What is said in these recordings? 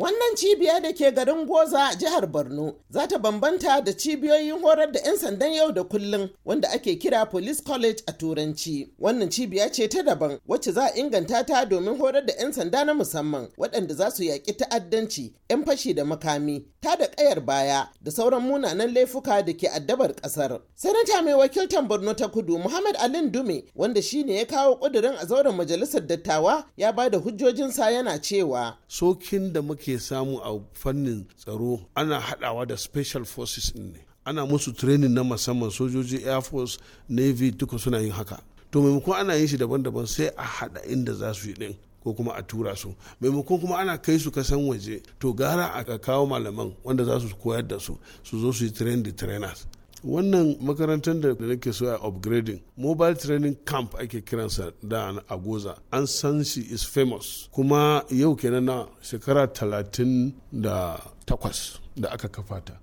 Wannan cibiya da ke garin Goza jihar Borno za ta bambanta da cibiyoyin horar da 'yan sandan yau da kullum wanda ake kira Police College a Turanci. Wannan cibiya ce ta daban wacce za a inganta ta domin horar da 'yan sanda na musamman waɗanda za su yaƙi ta'addanci, 'yan fashi da makami, ta da ƙayar baya da sauran munanan laifuka da ke addabar ƙasar. Sanata mai wakiltar Borno ta Kudu Muhammad Alin Dume wanda shi ne ya kawo ƙudurin a zauren majalisar dattawa ya ba da hujjojinsa yana cewa. Sokin da muke ake samu a fannin tsaro ana haɗawa da special forces ne ana musu training na musamman sojoji air force navy duka suna yin haka to maimakon ana yin shi daban-daban sai a haɗa inda za su yi ɗin ko kuma a tura su maimakon kuma ana kai su kasan waje to gara a kawo malaman wanda za su koyar da su su zo su yi train the trainers wannan makarantar da nake so a upgrading mobile training camp ake kiransa da a goza an san shi is famous kuma yau kenan na shekara talatin da takwas da aka kafa ta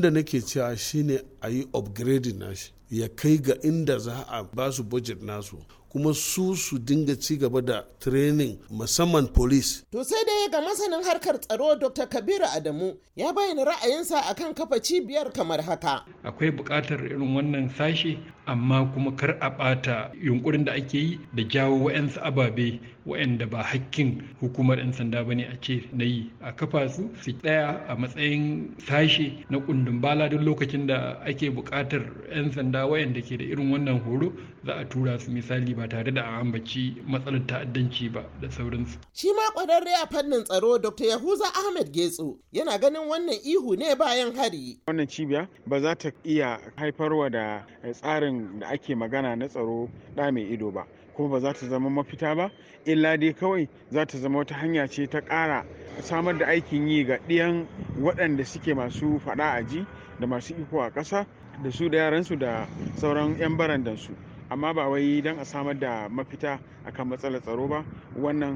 da nake cewa shine a yi upgrading nashi ya kai ga inda za a basu su budget nasu kuma su su dinga ci gaba da training musamman police. To sai dai ga masanin harkar tsaro Dr. Kabiru Adamu ya bayyana ra'ayinsa akan kafa cibiyar kamar haka. Akwai buƙatar irin wannan sashi amma kuma kar a ɓata yunkurin da ake yi da jawo wa'yansu ababe wa'yanda ba hakkin hukumar 'yan sanda ba ne a ce na yi a kafa su su tsaya a matsayin sashe na kundin bala duk lokacin da ake buƙatar 'yan sanda wa'yanda ke da irin wannan horo za a tura su misali ba tare da ambaci matsalar ta'addanci ba da sauransu. Shi ma kwararre a fannin tsaro Dr. Yahuza Ahmed Getsu yana ganin wannan ihu ne bayan hari. Wannan cibiya ba za ta iya haifarwa da tsarin da ake magana na tsaro ɗa mai ido ba. kuma ba za ta zama mafita ba illa dai kawai za ta zama wata hanya ce ta ƙara samar da aikin yi ga ɗiyan waɗanda suke masu faɗa a ji da masu iko a ƙasa da su da yaransu da sauran 'yan barandansu amma ba wai don a samar da mafita akan matsalar tsaro ba wannan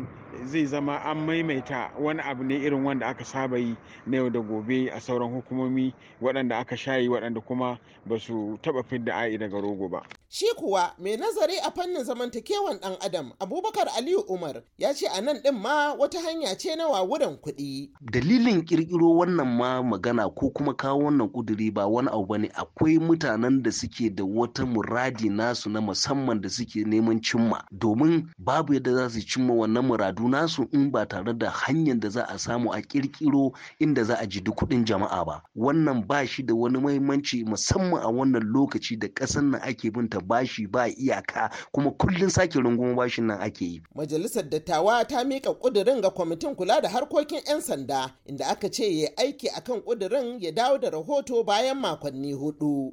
zai zama an maimaita wani abu ne irin wanda aka saba yi na yau da gobe a sauran hukumomi waɗanda aka shayi waɗanda kuma ba su taɓa fidda a'i daga rogo ba. Shi kuwa mai nazari a fannin zamantakewan ɗan adam Abubakar Aliyu Umar ya ce a nan ɗin ma wata hanya ce na wawuran kuɗi. Dalilin ƙirƙiro wannan ma magana ko kuma kawo wannan ƙuduri ba wani abu bane akwai mutanen da suke da wata muradi nasu na musamman da suke neman cimma domin babu yadda za su cimma wannan muradu nasu in ba tare da hanyar da za a samu a kirkiro inda za a ji duk kuɗin jama'a ba wannan ba shi da wani mahimmanci musamman a wannan lokaci da ƙasar nan ake binta bashi ba iyaka kuma kullum sake rungumo bashin nan ake yi majalisar dattawa ta miƙa ƙudurin ga kwamitin kula da harkokin 'yan sanda inda aka ce ya aiki akan ƙudurin ya dawo da rahoto bayan makonni hudu